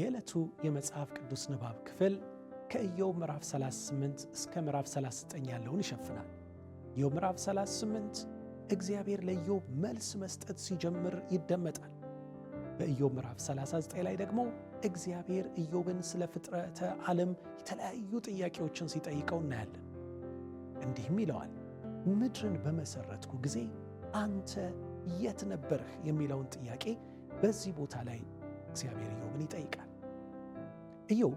የዕለቱ የመጽሐፍ ቅዱስ ንባብ ክፍል ከኢዮብ ምዕራፍ 38 እስከ ምዕራፍ 39 ያለውን ይሸፍናል። ኢዮብ ምዕራፍ 38 እግዚአብሔር ለኢዮብ መልስ መስጠት ሲጀምር ይደመጣል። በኢዮብ ምዕራፍ 39 ላይ ደግሞ እግዚአብሔር ኢዮብን ስለ ፍጥረተ ዓለም የተለያዩ ጥያቄዎችን ሲጠይቀው እናያለን። እንዲህም ይለዋል፣ ምድርን በመሠረትኩ ጊዜ አንተ የት ነበርህ? የሚለውን ጥያቄ በዚህ ቦታ ላይ እግዚአብሔር ኢዮብን ይጠይቃል። ኢዮብ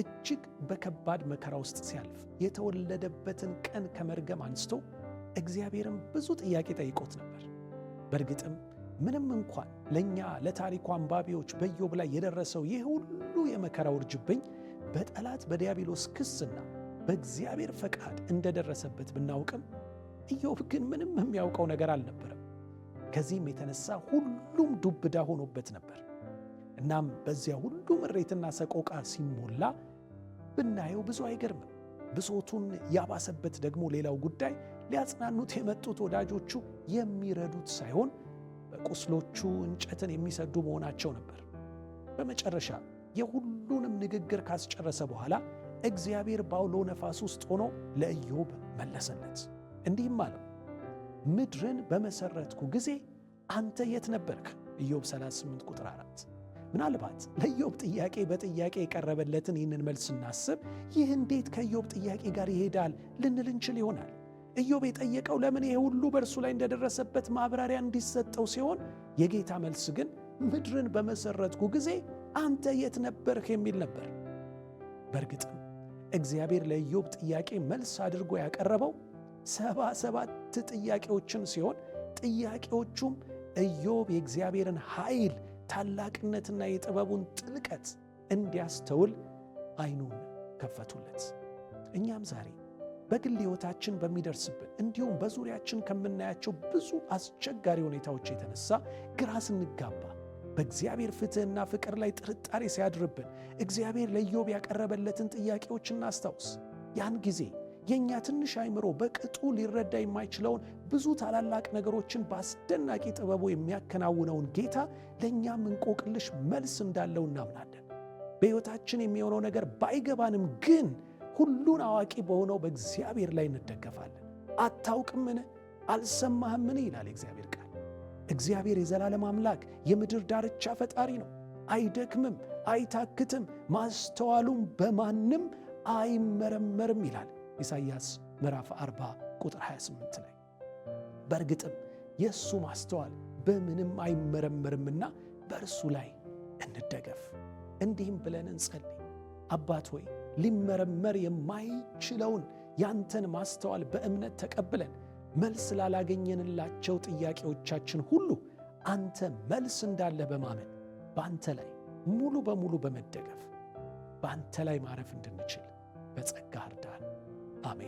እጅግ በከባድ መከራ ውስጥ ሲያልፍ የተወለደበትን ቀን ከመርገም አንስቶ እግዚአብሔርም ብዙ ጥያቄ ጠይቆት ነበር። በእርግጥም ምንም እንኳን ለእኛ ለታሪኩ አንባቢዎች በኢዮብ ላይ የደረሰው ይህ ሁሉ የመከራ ውርጅብኝ በጠላት በዲያብሎስ ክስና በእግዚአብሔር ፈቃድ እንደደረሰበት ብናውቅም ኢዮብ ግን ምንም የሚያውቀው ነገር አልነበረም። ከዚህም የተነሳ ሁሉም ዱብዳ ሆኖበት ነበር። እናም በዚያ ሁሉ ምሬትና ሰቆቃ ሲሞላ ብናየው ብዙ አይገርምም። ብሶቱን ያባሰበት ደግሞ ሌላው ጉዳይ ሊያጽናኑት የመጡት ወዳጆቹ የሚረዱት ሳይሆን በቁስሎቹ እንጨትን የሚሰዱ መሆናቸው ነበር። በመጨረሻ የሁሉንም ንግግር ካስጨረሰ በኋላ እግዚአብሔር ባውሎ ነፋስ ውስጥ ሆኖ ለኢዮብ መለሰለት፣ እንዲህም አለው ምድርን በመሰረትኩ ጊዜ አንተ የት ነበርክ? ኢዮብ 38 ቁጥር 4 ምናልባት ለኢዮብ ጥያቄ በጥያቄ የቀረበለትን ይህንን መልስ ስናስብ ይህ እንዴት ከኢዮብ ጥያቄ ጋር ይሄዳል ልንል እንችል ይሆናል። ኢዮብ የጠየቀው ለምን ይሄ ሁሉ በእርሱ ላይ እንደደረሰበት ማብራሪያ እንዲሰጠው ሲሆን የጌታ መልስ ግን ምድርን በመሰረትኩ ጊዜ አንተ የት ነበርህ የሚል ነበር። በእርግጥም እግዚአብሔር ለኢዮብ ጥያቄ መልስ አድርጎ ያቀረበው ሰባ ሰባት ጥያቄዎችን ሲሆን ጥያቄዎቹም ኢዮብ የእግዚአብሔርን ኃይል ታላቅነትና የጥበቡን ጥልቀት እንዲያስተውል አይኑን ከፈቱለት። እኛም ዛሬ በግል ሕይወታችን በሚደርስብን እንዲሁም በዙሪያችን ከምናያቸው ብዙ አስቸጋሪ ሁኔታዎች የተነሳ ግራ ስንጋባ በእግዚአብሔር ፍትሕና ፍቅር ላይ ጥርጣሬ ሲያድርብን እግዚአብሔር ለኢዮብ ያቀረበለትን ጥያቄዎች እናስታውስ። ያን ጊዜ የእኛ ትንሽ አይምሮ በቅጡ ሊረዳ የማይችለውን ብዙ ታላላቅ ነገሮችን በአስደናቂ ጥበቡ የሚያከናውነውን ጌታ ለእኛም እንቆቅልሽ መልስ እንዳለው እናምናለን። በሕይወታችን የሚሆነው ነገር ባይገባንም ግን ሁሉን አዋቂ በሆነው በእግዚአብሔር ላይ እንደገፋለን። አታውቅምን? አልሰማህምን? ይላል እግዚአብሔር ቃል። እግዚአብሔር የዘላለም አምላክ የምድር ዳርቻ ፈጣሪ ነው። አይደክምም፣ አይታክትም፣ ማስተዋሉም በማንም አይመረመርም ይላል። ኢሳይያስ ምዕራፍ 40 ቁጥር 28 ላይ በእርግጥም የእሱ ማስተዋል በምንም አይመረመርምና በእርሱ ላይ እንደገፍ። እንዲህም ብለን እንጸልይ። አባት ሆይ ሊመረመር የማይችለውን ያንተን ማስተዋል በእምነት ተቀብለን መልስ ላላገኘንላቸው ጥያቄዎቻችን ሁሉ አንተ መልስ እንዳለ በማመን በአንተ ላይ ሙሉ በሙሉ በመደገፍ በአንተ ላይ ማረፍ እንድንችል በጸጋ እርዳን። 阿弥。